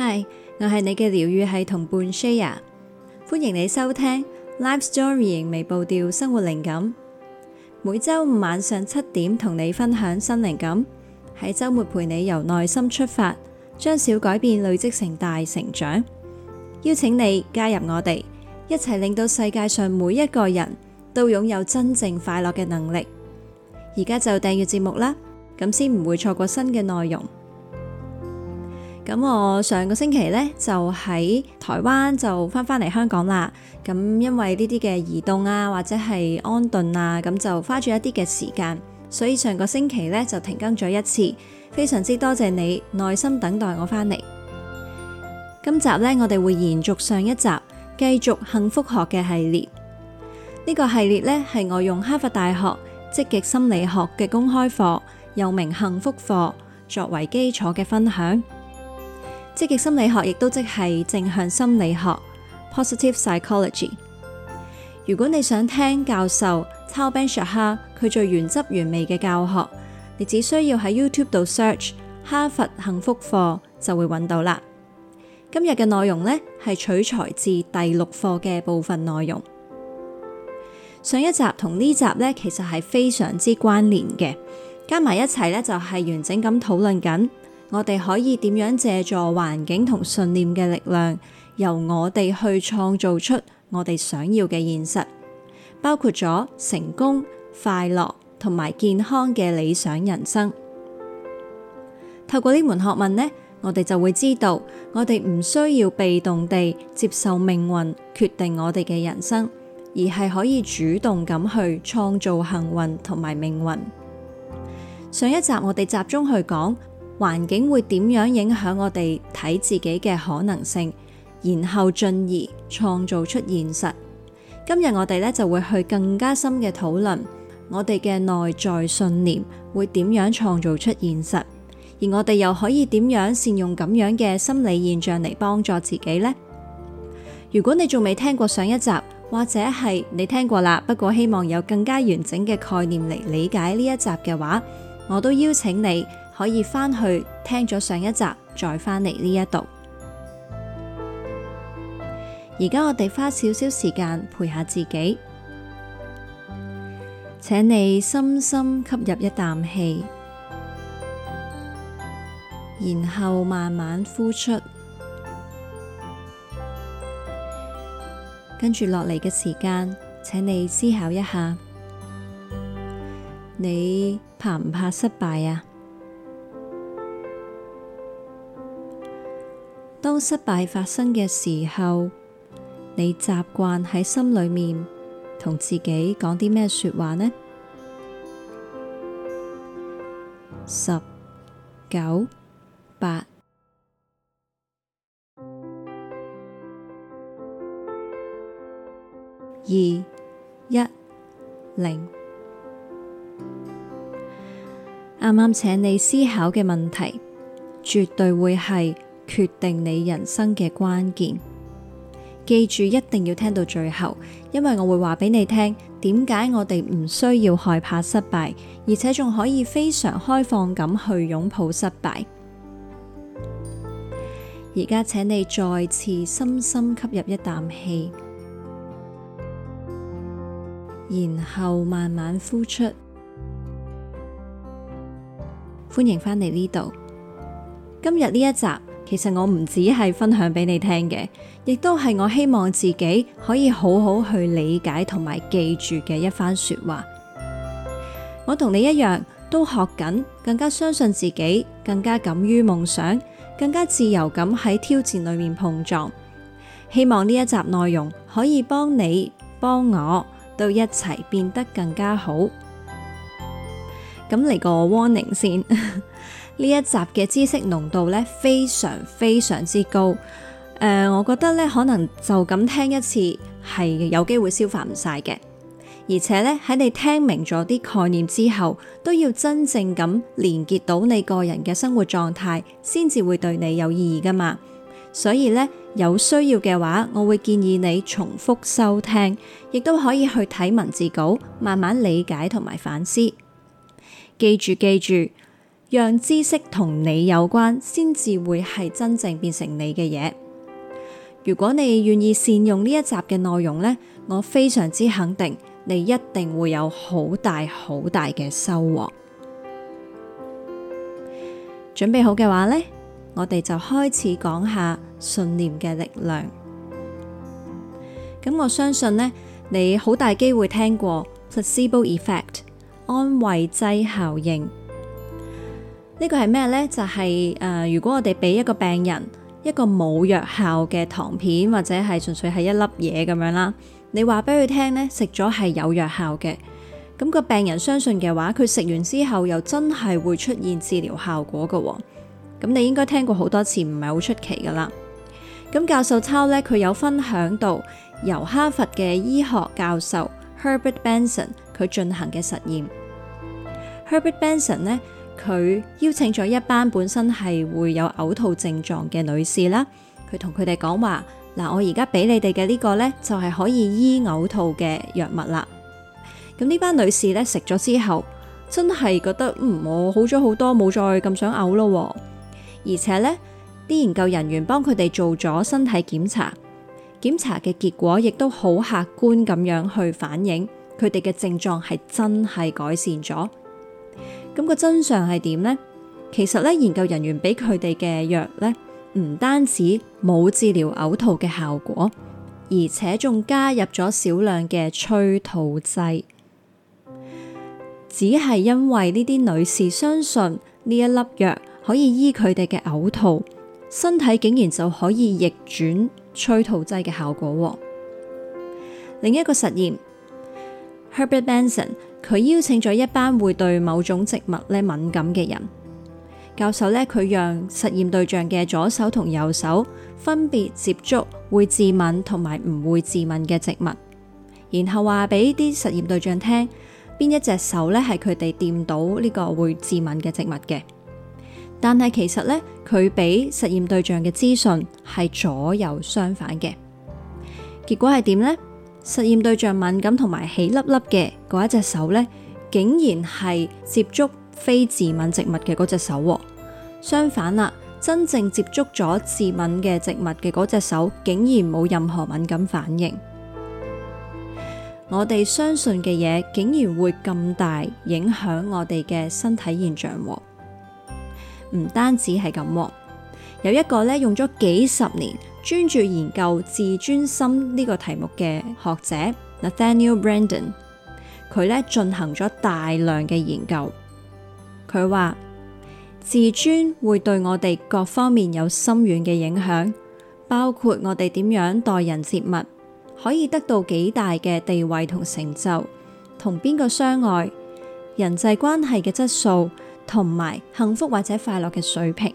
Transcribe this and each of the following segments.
嗨，我係你嘅療癒系同伴 Shaya，歡迎你收聽 Life Story 微步調生活靈感，每周五晚上七點同你分享新靈感，喺周末陪你由內心出發，將小改變累積成大成長。邀請你加入我哋，一齊令到世界上每一個人都擁有真正快樂嘅能力。而家就訂閱節目啦，咁先唔會錯過新嘅內容。咁我上個星期呢，就喺台灣就翻返嚟香港啦。咁因為呢啲嘅移動啊或者係安頓啊，咁就花咗一啲嘅時間，所以上個星期呢，就停更咗一次。非常之多謝你耐心等待我返嚟。今集呢，我哋會延續上一集，繼續幸福學嘅系列。呢、這個系列呢，係我用哈佛大學積極心理學嘅公開課，又名幸福課，作為基礎嘅分享。積極心理學亦都即係正向心理學 （positive psychology）。如果你想聽教授查賓·雪哈佢最原汁原味嘅教學，你只需要喺 YouTube 度 search「哈佛幸福課」就會揾到啦。今日嘅內容呢，係取材自第六課嘅部分內容。上一集同呢集呢，其實係非常之關聯嘅，加埋一齊呢，就係完整咁討論緊。我哋可以點樣借助環境同信念嘅力量，由我哋去創造出我哋想要嘅現實，包括咗成功、快樂同埋健康嘅理想人生。透過呢門學問呢，我哋就會知道，我哋唔需要被動地接受命運決定我哋嘅人生，而係可以主動咁去創造幸運同埋命運。上一集我哋集中去講。環境會點樣影響我哋睇自己嘅可能性，然後進而創造出現實。今日我哋咧就會去更加深嘅討論，我哋嘅內在信念會點樣創造出現實，而我哋又可以點樣善用咁樣嘅心理現象嚟幫助自己呢？如果你仲未聽過上一集，或者係你聽過啦，不過希望有更加完整嘅概念嚟理解呢一集嘅話，我都邀請你。可以返去聽咗上一集，再返嚟呢一度。而家我哋花少少時間陪下自己，請你深深吸入一啖氣，然後慢慢呼出。跟住落嚟嘅時間，請你思考一下，你怕唔怕失敗啊？當失敗發生嘅時候，你習慣喺心裏面同自己講啲咩說話呢？十九八二一零，啱啱請你思考嘅問題，絕對會係。決定你人生嘅關鍵，記住一定要聽到最後，因為我會話俾你聽，點解我哋唔需要害怕失敗，而且仲可以非常開放咁去擁抱失敗。而家請你再次深深吸入一啖氣，然後慢慢呼出，歡迎返嚟呢度。今日呢一集。其實我唔止係分享俾你聽嘅，亦都係我希望自己可以好好去理解同埋記住嘅一番說話。我同你一樣都學緊，更加相信自己，更加敢於夢想，更加自由咁喺挑戰裏面碰撞。希望呢一集內容可以幫你幫我，都一齊變得更加好。咁嚟個 warning 先。 呢一集嘅知識濃度呢，非常非常之高，誒、呃，我覺得呢，可能就咁聽一次係有機會消化唔晒嘅，而且呢，喺你聽明咗啲概念之後，都要真正咁連結到你個人嘅生活狀態，先至會對你有意義㗎嘛。所以呢，有需要嘅話，我會建議你重複收聽，亦都可以去睇文字稿，慢慢理解同埋反思。記住，記住。讓知識同你有關，先至會係真正變成你嘅嘢。如果你願意善用呢一集嘅內容呢，我非常之肯定你一定會有好大好大嘅收穫。準備好嘅話呢，我哋就開始講下信念嘅力量。咁我相信呢，你好大機會聽過 placebo effect 安慰劑效應。呢個係咩呢？就係、誒，如果我哋俾一個病人一個冇藥效嘅糖片，或者係純粹係一粒嘢咁樣啦，你話俾佢聽呢，食咗係有藥效嘅。咁個病人相信嘅話，佢食完之後又真係會出現治療效果嘅喎。咁你應該聽過好多次，唔係好出奇噶啦。咁教授抄呢，佢有分享到由哈佛嘅醫學教授 Herbert Benson 佢進行嘅實驗。Herbert Benson 呢。佢邀請咗一班本身係會有嘔吐症狀嘅女士啦，佢同佢哋講話：嗱，我而家俾你哋嘅呢個呢，就係可以醫嘔吐嘅藥物啦。咁呢班女士呢，食咗之後，真係覺得嗯，我好咗好多，冇再咁想嘔咯。而且呢啲研究人員幫佢哋做咗身體檢查，檢查嘅結果亦都好客觀咁樣去反映佢哋嘅症狀係真係改善咗。咁個真相係點呢？其實咧，研究人員俾佢哋嘅藥咧，唔單止冇治療嘔吐嘅效果，而且仲加入咗少量嘅催吐劑。只係因為呢啲女士相信呢一粒藥可以醫佢哋嘅嘔吐，身體竟然就可以逆轉催吐劑嘅效果。另一個實驗，Herbert Benson。佢邀請咗一班會對某種植物咧敏感嘅人。教授呢，佢讓實驗對象嘅左手同右手分別接觸會致敏同埋唔會致敏嘅植物，然後話俾啲實驗對象聽邊一隻手呢係佢哋掂到呢個會致敏嘅植物嘅。但係其實呢，佢俾實驗對象嘅資訊係左右相反嘅。結果係點呢？實驗對象敏感同埋起粒粒嘅嗰一隻手呢，竟然係接觸非致敏植物嘅嗰隻手；相反啦，真正接觸咗致敏嘅植物嘅嗰隻手，竟然冇任何敏感反應。我哋相信嘅嘢，竟然會咁大影響我哋嘅身體現象，唔單止係咁。有一個咧用咗幾十年專注研究自尊心呢個題目嘅學者 Nathaniel Brandon，佢咧進行咗大量嘅研究。佢話自尊會對我哋各方面有深遠嘅影響，包括我哋點樣待人接物，可以得到幾大嘅地位同成就，同邊個相愛，人際關係嘅質素，同埋幸福或者快樂嘅水平。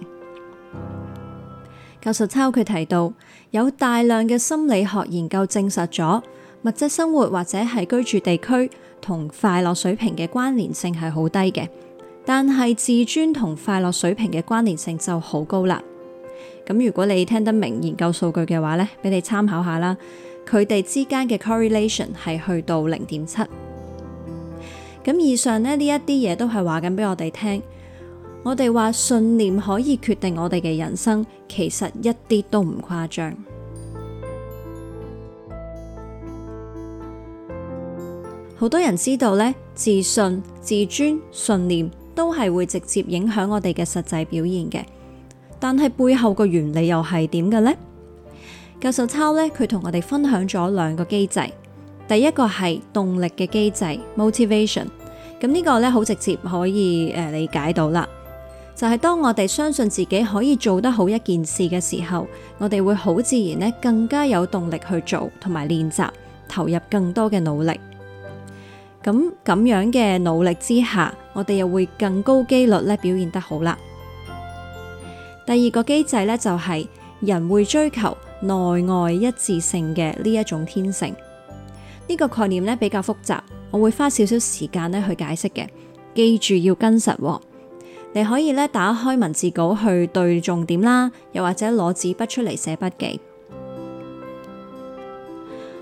教授抄佢提到，有大量嘅心理學研究證實咗物質生活或者係居住地區同快樂水平嘅關聯性係好低嘅，但係自尊同快樂水平嘅關聯性就好高啦。咁如果你聽得明研究數據嘅話呢，俾你參考下啦，佢哋之間嘅 correlation 係去到零點七。咁以上咧呢一啲嘢都係話緊俾我哋聽。我哋話信念可以決定我哋嘅人生，其實一啲都唔誇張。好多人知道呢，自信、自尊、信念都係會直接影響我哋嘅實際表現嘅。但係背後個原理又係點嘅呢？教授抄呢，佢同我哋分享咗兩個機制。第一個係動力嘅機制 （motivation），咁呢個呢，好直接可以、呃、理解到啦。就係當我哋相信自己可以做得好一件事嘅時候，我哋會好自然呢，更加有動力去做同埋練習，投入更多嘅努力。咁咁樣嘅努力之下，我哋又會更高幾率呢表現得好啦。第二個機制呢，就係人會追求內外一致性嘅呢一種天性。呢個概念呢比較複雜，我會花少少時間呢去解釋嘅。記住要跟實哦。你可以咧打開文字稿去對重點啦，又或者攞紙筆出嚟寫筆記。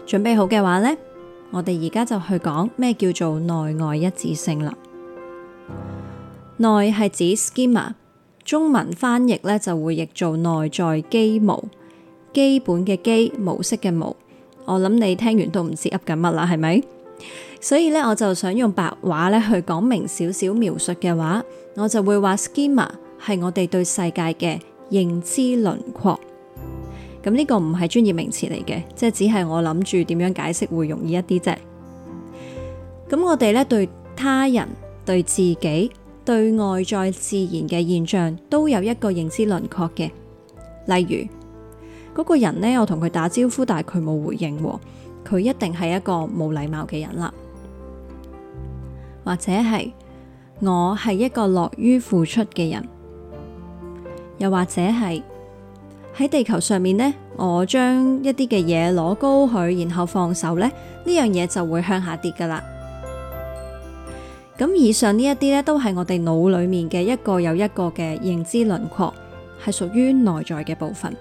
準備好嘅話呢，我哋而家就去講咩叫做內外一致性啦。內係指 schema，中文翻譯呢就會譯做內在基模，基本嘅基，模式嘅模。我諗你聽完都唔知噏緊乜啦，係咪？所以呢，我就想用白話咧去講明少少描述嘅話。我就會話 schema 係我哋對世界嘅認知輪廓，咁呢個唔係專業名詞嚟嘅，即係只係我諗住點樣解釋會容易一啲啫。咁我哋咧對他人、對自己、對外在自然嘅現象都有一個認知輪廓嘅，例如嗰個人呢，我同佢打招呼，但係佢冇回應，佢一定係一個冇禮貌嘅人啦，或者係。我係一個樂於付出嘅人，又或者係喺地球上面呢。我將一啲嘅嘢，攞高佢，然後放手呢，呢樣嘢就會向下跌噶啦。咁以上呢一啲呢，都係我哋腦裏面嘅一個又一個嘅認知輪廓，係屬於內在嘅部分。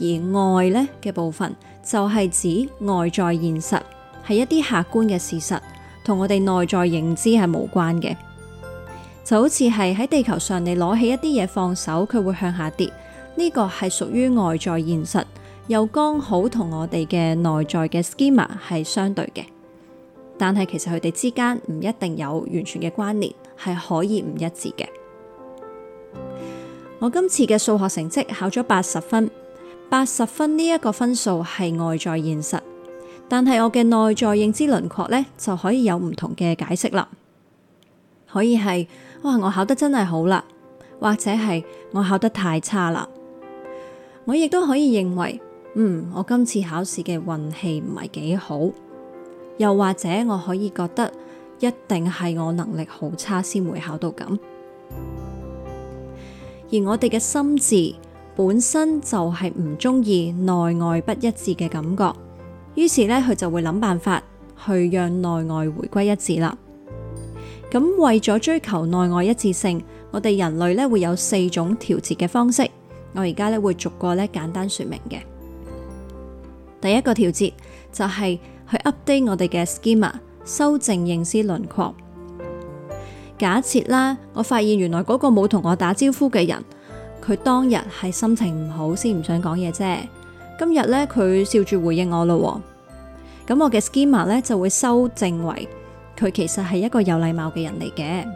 而外呢嘅部分就係指外在現實，係一啲客觀嘅事實。同我哋內在認知係無關嘅，就好似係喺地球上你攞起一啲嘢放手，佢會向下跌，呢個係屬於外在現實，又剛好同我哋嘅內在嘅 schema 係相對嘅。但係其實佢哋之間唔一定有完全嘅關聯，係可以唔一致嘅。我今次嘅數學成績考咗八十分，八十分呢一個分數係外在現實。但係我嘅內在認知輪廓呢，就可以有唔同嘅解釋啦。可以係哇，我考得真係好啦，或者係我考得太差啦。我亦都可以認為，嗯，我今次考試嘅運氣唔係幾好。又或者我可以覺得，一定係我能力好差先會考到咁。而我哋嘅心智本身就係唔中意內外不一致嘅感覺。於是咧，佢就會諗辦法去讓內外回歸一致啦。咁為咗追求內外一致性，我哋人類咧會有四種調節嘅方式。我而家咧會逐個咧簡單說明嘅。第一個調節就係去 update 我哋嘅 schema，修正認知輪廓。假設啦，我發現原來嗰個冇同我打招呼嘅人，佢當日係心情唔好先唔想講嘢啫。今日呢，佢笑住回應我咯。咁我嘅 schema 咧就會修正為佢其實係一個有禮貌嘅人嚟嘅。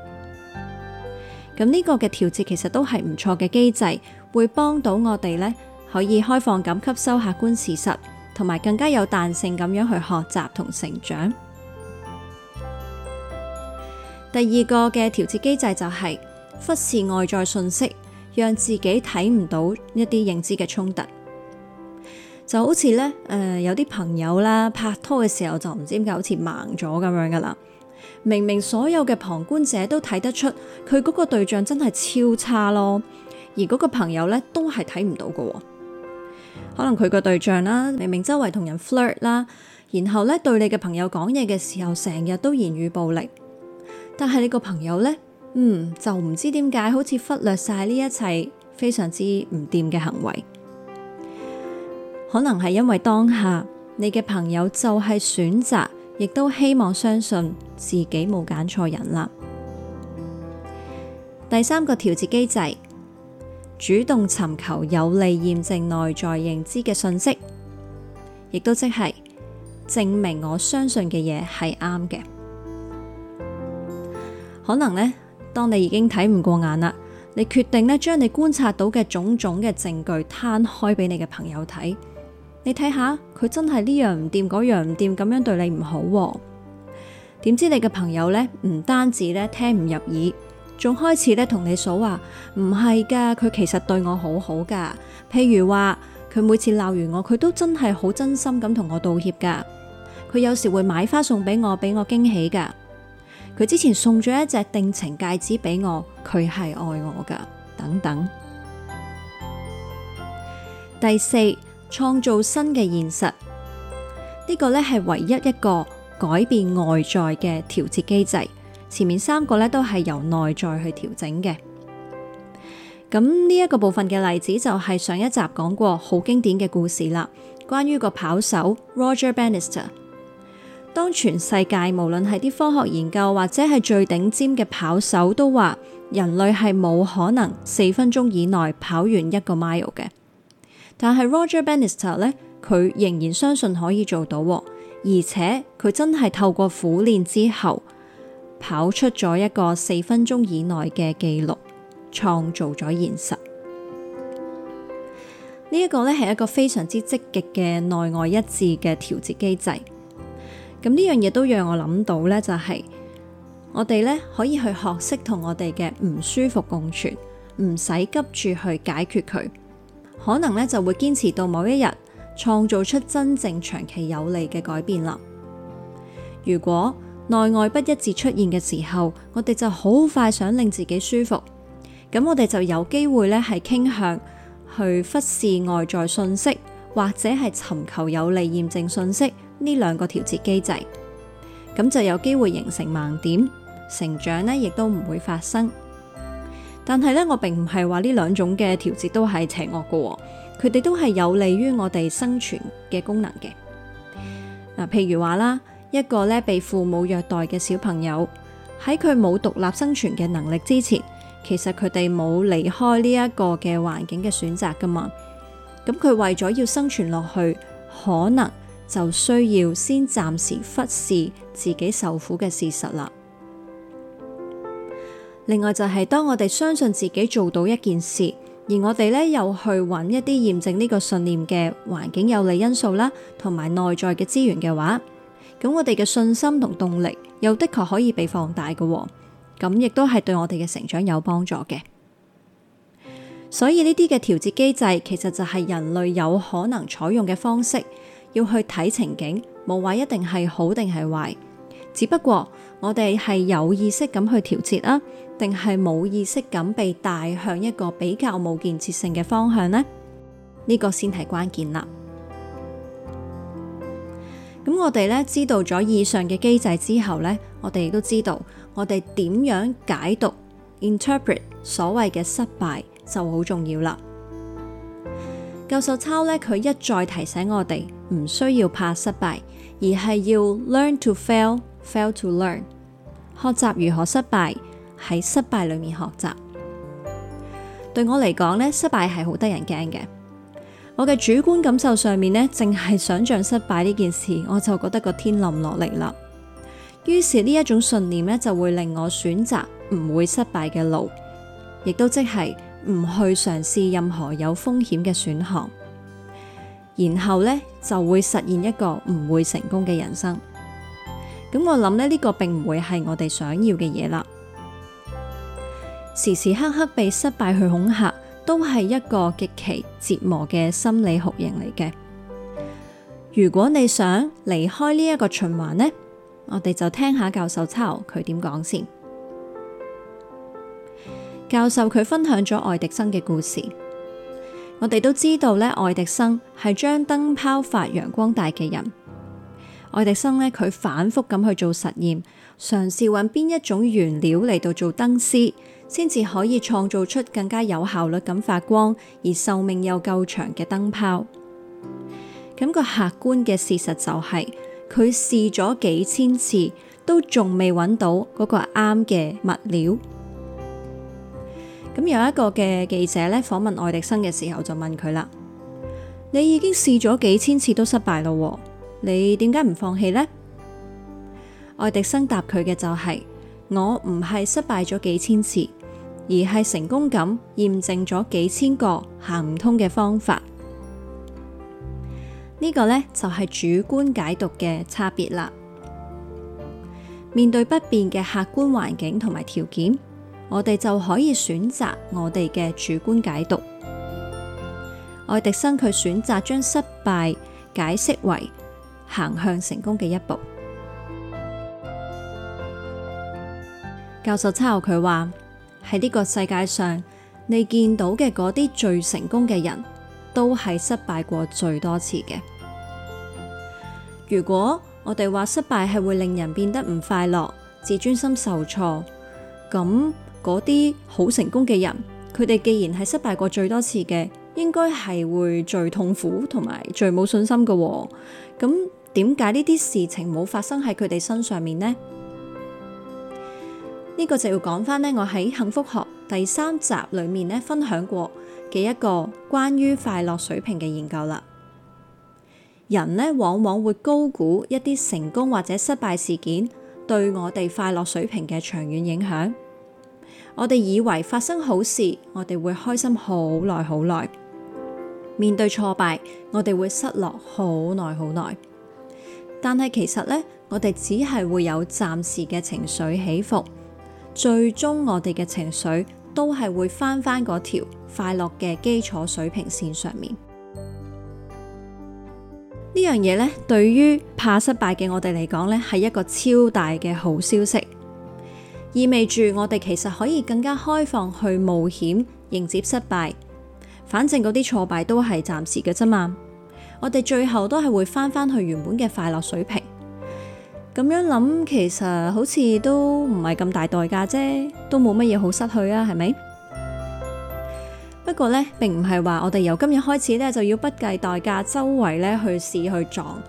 咁呢個嘅調節其實都係唔錯嘅機制，會幫到我哋呢，可以開放咁吸收客觀事實，同埋更加有彈性咁樣去學習同成長。第二個嘅調節機制就係忽視外在信息，讓自己睇唔到一啲認知嘅衝突。就好似咧，誒、呃，有啲朋友啦，拍拖嘅時候就唔知點解好似盲咗咁樣噶啦。明明所有嘅旁觀者都睇得出，佢嗰個對象真係超差咯，而嗰個朋友咧都係睇唔到噶。可能佢個對象啦，明明周圍同人 flirt 啦，然後咧，對你嘅朋友講嘢嘅時候，成日都言語暴力，但係你個朋友咧，嗯，就唔知點解好似忽略晒呢一切非常之唔掂嘅行為。可能係因為當下你嘅朋友就係選擇，亦都希望相信自己冇揀錯人啦。第三個調節機制，主動尋求有利驗證內在認知嘅信息，亦都即係證明我相信嘅嘢係啱嘅。可能呢，當你已經睇唔過眼啦，你決定呢將你觀察到嘅種種嘅證據攤開俾你嘅朋友睇。你睇下佢真係呢樣唔掂，嗰樣唔掂，咁樣對你唔好哦。點知你嘅朋友呢，唔單止呢聽唔入耳，仲開始呢同你數話唔係噶，佢其實對我好好噶。譬如話佢每次鬧完我，佢都真係好真心咁同我道歉噶。佢有時會買花送俾我，俾我驚喜噶。佢之前送咗一隻定情戒指俾我，佢係愛我噶，等等。第四。創造新嘅現實，呢個咧係唯一一個改變外在嘅調節機制。前面三個咧都係由內在去調整嘅。咁呢一個部分嘅例子就係上一集講過好經典嘅故事啦，關於個跑手 Roger Bannister。當全世界無論係啲科學研究或者係最頂尖嘅跑手都話人類係冇可能四分鐘以內跑完一個 mile 嘅。但係 Roger Bannister 咧，佢仍然相信可以做到，哦，而且佢真係透過苦練之後，跑出咗一個四分鐘以內嘅記錄，創造咗現實。這個、呢一個咧係一個非常之積極嘅內外一致嘅調節機制。咁呢樣嘢都讓我諗到咧，就係、是、我哋咧可以去學識同我哋嘅唔舒服共存，唔使急住去解決佢。可能咧就會堅持到某一日，創造出真正長期有利嘅改變啦。如果內外不一致出現嘅時候，我哋就好快想令自己舒服，咁我哋就有機會咧係傾向去忽視外在信息，或者係尋求有利驗證信息呢兩個調節機制，咁就有機會形成盲點，成長呢亦都唔會發生。但係咧，我並唔係話呢兩種嘅調節都係邪惡噶，佢哋都係有利於我哋生存嘅功能嘅。嗱，譬如話啦，一個咧被父母虐待嘅小朋友，喺佢冇獨立生存嘅能力之前，其實佢哋冇離開呢一個嘅環境嘅選擇噶嘛。咁佢為咗要生存落去，可能就需要先暫時忽視自己受苦嘅事實啦。另外就係、是、當我哋相信自己做到一件事，而我哋咧又去揾一啲驗證呢個信念嘅環境有利因素啦，同埋內在嘅資源嘅話，咁我哋嘅信心同動力又的確可以被放大嘅，咁亦都係對我哋嘅成長有幫助嘅。所以呢啲嘅調節機制其實就係人類有可能採用嘅方式，要去睇情景，冇話一定係好定係壞。只不過我哋係有意識咁去調節啊，定係冇意識咁被帶向一個比較冇建設性嘅方向呢？這個、呢個先係關鍵啦。咁我哋咧知道咗以上嘅機制之後呢，我哋都知道我哋點樣解讀 interpret 所謂嘅失敗就好重要啦。教授抄呢，佢一再提醒我哋唔需要怕失敗，而係要 learn to fail。Fail to learn，學習如何失敗，喺失敗裏面學習。對我嚟講咧，失敗係好得人驚嘅。我嘅主觀感受上面咧，淨係想象失敗呢件事，我就覺得個天冧落嚟啦。於是呢一種信念咧，就會令我選擇唔會失敗嘅路，亦都即係唔去嘗試任何有風險嘅選項。然後呢就會實現一個唔會成功嘅人生。咁我諗咧，呢個並唔會係我哋想要嘅嘢啦。時時刻刻被失敗去恐嚇，都係一個極其折磨嘅心理學型嚟嘅。如果你想離開呢一個循環呢，我哋就聽下教授抄佢點講先。教授佢分享咗愛迪生嘅故事，我哋都知道呢，愛迪生係將燈泡發揚光大嘅人。愛迪生呢，佢反覆咁去做實驗，嘗試揾邊一種原料嚟到，做燈絲，先至可以創造出更加有效率咁發光，而壽命又夠長嘅燈泡。咁個客觀嘅事實就係，佢試咗幾千次，都仲未揾到嗰個啱嘅物料。咁有一個嘅記者呢，訪問愛迪生嘅時候就問佢啦：你已經試咗幾千次都失敗咯。你點解唔放棄呢？愛迪生答佢嘅就係，我唔係失敗咗幾千次，而係成功咁驗證咗幾千個行唔通嘅方法。呢個呢，就係主觀解讀嘅差別啦。面對不變嘅客觀環境同埋條件，我哋就可以選擇我哋嘅主觀解讀。愛迪生佢選擇將失敗解釋為行向成功嘅一步。教授之後佢話：喺呢個世界上，你見到嘅嗰啲最成功嘅人都係失敗過最多次嘅。如果我哋話失敗係會令人變得唔快樂、自尊心受挫，咁嗰啲好成功嘅人，佢哋既然係失敗過最多次嘅，應該係會最痛苦同埋最冇信心㗎喎。咁點解呢啲事情冇發生喺佢哋身上面呢？呢、呢個就要講翻咧，我喺《幸福學》第三集裏面咧分享過嘅一個關於快樂水平嘅研究啦。人呢，往往會高估一啲成功或者失敗事件對我哋快樂水平嘅長遠影響。我哋以為發生好事，我哋會開心好耐好耐；面對挫敗，我哋會失落好耐好耐。但係其實咧，我哋只係會有暫時嘅情緒起伏，最終我哋嘅情緒都係會返返嗰條快樂嘅基礎水平線上面。 呢樣嘢咧，對於怕失敗嘅我哋嚟講咧，係一個超大嘅好消息，意味住我哋其實可以更加開放去冒險，迎接失敗。反正嗰啲挫敗都係暫時嘅啫嘛。我哋最後都係會翻翻去原本嘅快樂水平，咁樣諗，其實好似都唔係咁大代價啫，都冇乜嘢好失去啊，係咪？不過咧，並唔係話我哋由今日開始咧就要不計代價周圍咧去試去撞。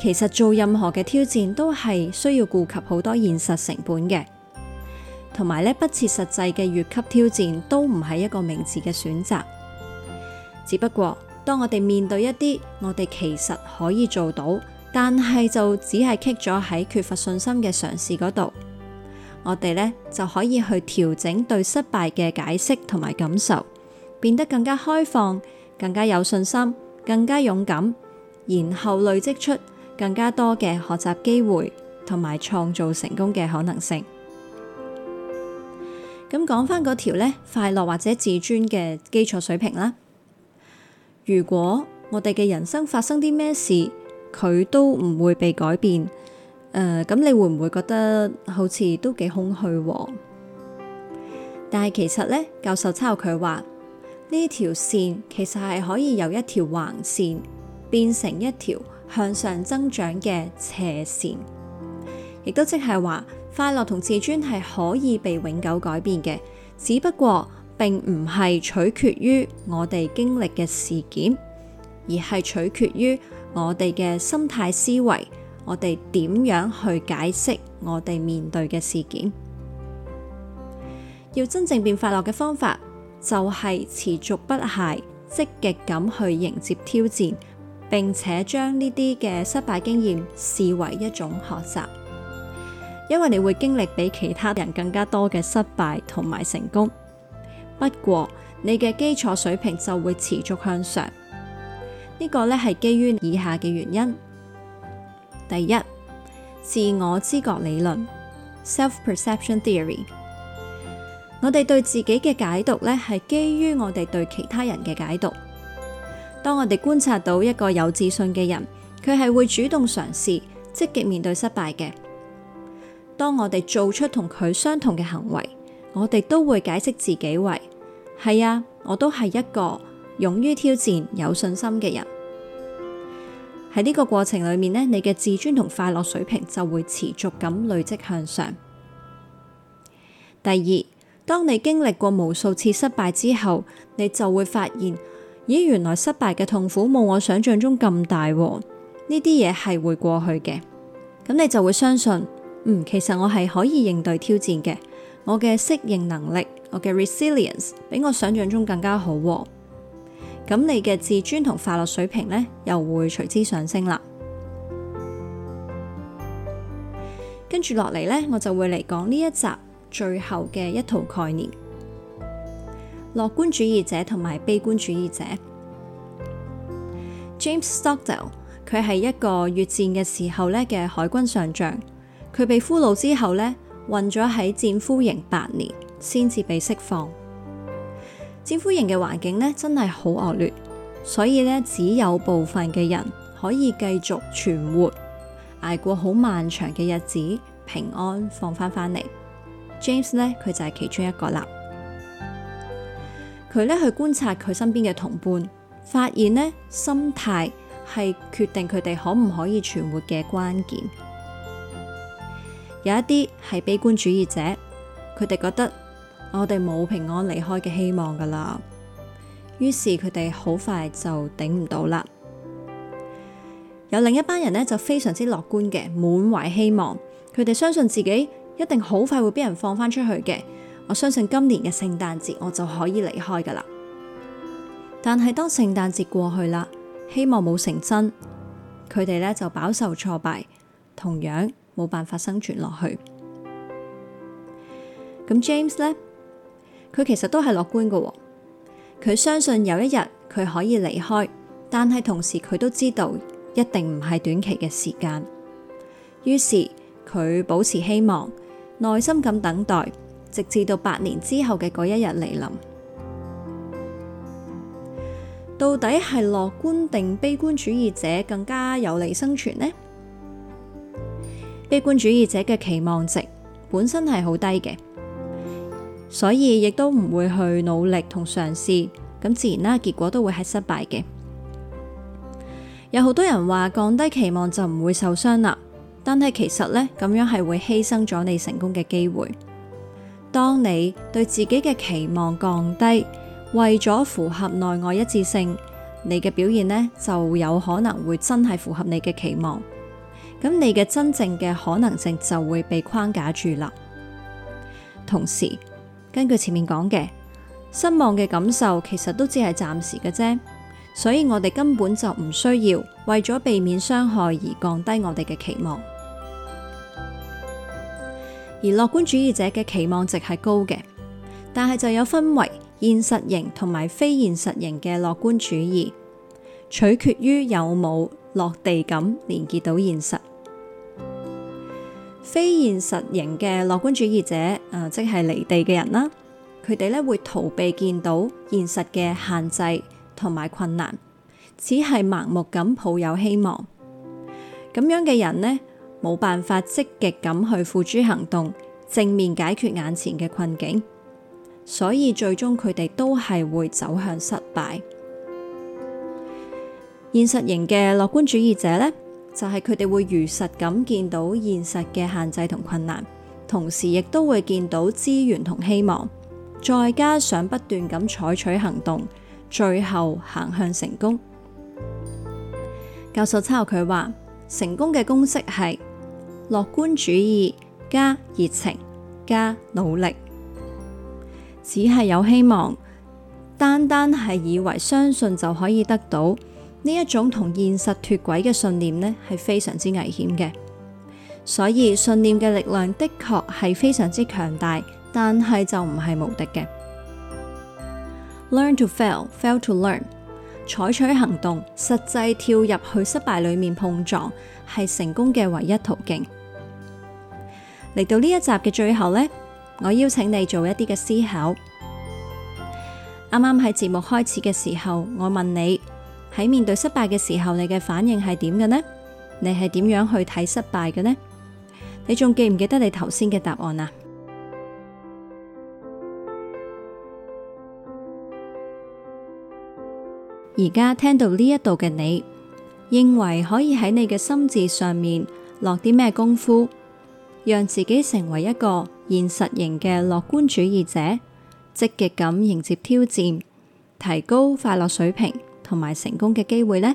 其實做任何嘅挑戰都係需要顧及好多現實成本嘅，同埋咧不切實際嘅越級挑戰都唔係一個明智嘅選擇，只不過，當我哋面對一啲我哋其實可以做到，但係就只係棘咗喺缺乏信心嘅嘗試嗰度，我哋呢就可以去調整對失敗嘅解釋同埋感受，變得更加開放、更加有信心、更加勇敢，然後累積出更加多嘅學習機會同埋創造成功嘅可能性。咁講返嗰條呢，快樂或者自尊嘅基礎水平啦。如果我哋嘅人生發生啲咩事，佢都唔會被改變。誒、呃，咁你會唔會覺得好似都幾空虛？但係其實呢，教授抄佢話呢條線其實係可以由一條橫線變成一條向上增長嘅斜線，亦都即係話快樂同自尊係可以被永久改變嘅，只不過。並唔係取決於我哋經歷嘅事件，而係取決於我哋嘅心態思維。我哋點樣去解釋我哋面對嘅事件？要真正變快樂嘅方法，就係、是、持續不懈，積極咁去迎接挑戰，並且將呢啲嘅失敗經驗視為一種學習，因為你會經歷比其他人更加多嘅失敗同埋成功。不過你嘅基礎水平就會持續向上，呢個咧係基於以下嘅原因：第一，自我知覺理論 （Self-perception theory）。我哋對自己嘅解讀咧係基於我哋對其他人嘅解讀。當我哋觀察到一個有自信嘅人，佢係會主動嘗試、積極面對失敗嘅。當我哋做出同佢相同嘅行為，我哋都會解釋自己為。係啊，我都係一個勇於挑戰、有信心嘅人。喺呢個過程裏面呢，你嘅自尊同快樂水平就會持續咁累積向上。第二，當你經歷過無數次失敗之後，你就會發現，咦，原來失敗嘅痛苦冇我想象中咁大。呢啲嘢係會過去嘅，咁你就會相信，嗯，其實我係可以應對挑戰嘅，我嘅適應能力。我嘅 resilience 比我想象中更加好，咁你嘅自尊同快樂水平呢，又會隨之上升啦。跟住落嚟呢，我就會嚟講呢一集最後嘅一套概念。樂觀主義者同埋悲觀主義者，James Stockdale，佢係一個越戰嘅時候呢嘅海軍上將，佢被俘虜之後呢，困咗喺戰俘營八年。先至被釋放。戰俘營嘅環境呢，真係好惡劣，所以呢只有部分嘅人可以繼續存活，捱過好漫長嘅日子，平安放返返嚟。James 呢，佢就係其中一個啦。佢呢去觀察佢身邊嘅同伴，發現呢心態係決定佢哋可唔可以存活嘅關鍵。有一啲係悲觀主義者，佢哋覺得。我哋冇平安離開嘅希望噶啦，於是佢哋好快就頂唔到啦。有另一班人呢，就非常之樂觀嘅，滿懷希望，佢哋相信自己一定好快會俾人放返出去嘅。我相信今年嘅聖誕節我就可以離開噶啦。但係當聖誕節過去啦，希望冇成真，佢哋呢就飽受挫敗，同樣冇辦法生存落去。咁 James 呢？佢其實都係樂觀嘅，佢相信有一日佢可以離開，但係同時佢都知道一定唔係短期嘅時間。於是佢保持希望，耐心咁等待，直至到八年之後嘅嗰一日嚟臨。到底係樂觀定悲觀主義者更加有利生存呢？悲觀主義者嘅期望值本身係好低嘅。所以亦都唔會去努力同嘗試，咁自然啦，結果都會係失敗嘅。有好多人話降低期望就唔會受傷啦，但係其實呢，咁樣係會犧牲咗你成功嘅機會。當你對自己嘅期望降低，為咗符合內外一致性，你嘅表現呢，就有可能會真係符合你嘅期望。咁你嘅真正嘅可能性就會被框架住啦，同時。根據前面講嘅失望嘅感受，其實都只係暫時嘅啫，所以我哋根本就唔需要為咗避免傷害而降低我哋嘅期望。而樂觀主義者嘅期望值係高嘅，但係就有分為現實型同埋非現實型嘅樂觀主義，取決於有冇落地噉連結到現實。非現實型嘅樂觀主義者，誒、呃，即係離地嘅人啦，佢哋咧會逃避見到現實嘅限制同埋困難，只係盲目咁抱有希望。咁樣嘅人呢，冇辦法積極咁去付諸行動，正面解決眼前嘅困境，所以最終佢哋都係會走向失敗。現實型嘅樂觀主義者咧？就係佢哋會如實咁見到現實嘅限制同困難，同時亦都會見到資源同希望，再加上不斷咁採取行動，最後行向成功。教授抄佢話：成功嘅公式係樂觀主義加熱情加努力。只係有希望，單單係以為相信就可以得到。呢一種同現實脱軌嘅信念呢，係非常之危險嘅。所以信念嘅力量的確係非常之強大，但係就唔係無敵嘅。Learn to fail, fail to learn。採取行動，實際跳入去失敗裏面碰撞，係成功嘅唯一途徑。嚟到呢一集嘅最後呢，我邀請你做一啲嘅思考。啱啱喺節目開始嘅時候，我問你。喺面對失敗嘅時候，你嘅反應係點嘅呢？你係點樣去睇失敗嘅呢？你仲記唔記得你頭先嘅答案啊？而家聽到呢一度嘅你，認為可以喺你嘅心智上面落啲咩功夫，讓自己成為一個現實型嘅樂觀主義者，積極咁迎接挑戰，提高快樂水平，同埋成功嘅機會呢？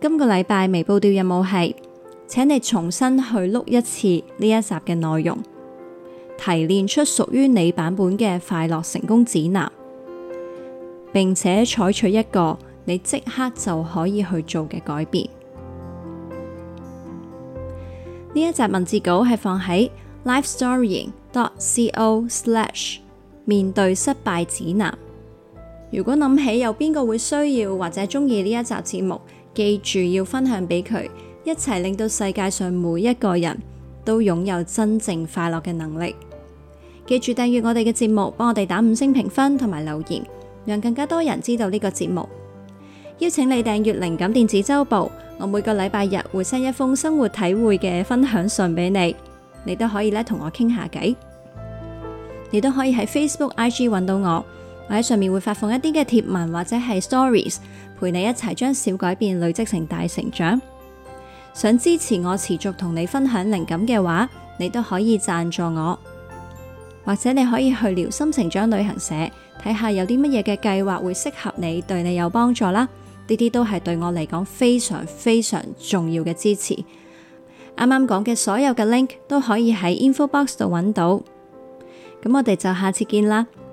今個禮拜微報到任務係，請你重新去碌一次呢一集嘅內容，提煉出屬於你版本嘅快樂成功指南，並且採取一個你即刻就可以去做嘅改變。呢一集文字稿係放喺 livestorying.co/slash 面對失敗指南。如果諗起有邊個會需要或者中意呢一集節目，記住要分享俾佢，一齊令到世界上每一個人都擁有真正快樂嘅能力。記住訂閱我哋嘅節目，幫我哋打五星評分同埋留言，讓更加多人知道呢個節目。邀請你訂閱靈感電子周報，我每個禮拜日會 send 一封生活體會嘅分享信俾你，你都可以咧同我傾下偈。你都可以喺 Facebook、IG 搵到我。我喺上面會發放一啲嘅貼文或者係 stories，陪你一齊將小改變累積成大成長。想支持我持續同你分享靈感嘅話，你都可以贊助我，或者你可以去聊心成長旅行社睇下有啲乜嘢嘅計劃會適合你，對你有幫助啦。呢啲都係對我嚟講非常非常重要嘅支持。啱啱講嘅所有嘅 link 都可以喺 info box 度揾到。咁我哋就下次見啦。